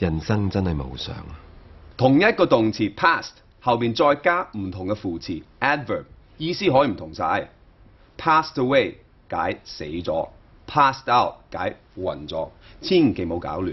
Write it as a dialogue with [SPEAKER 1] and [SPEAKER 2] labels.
[SPEAKER 1] 人生真係無常
[SPEAKER 2] 啊。同一個動詞 passed 後邊再加唔同嘅副詞 adverb 意思可以唔同曬。Passed away 解死咗，passed out 解暈咗，千祈冇搞
[SPEAKER 3] 亂。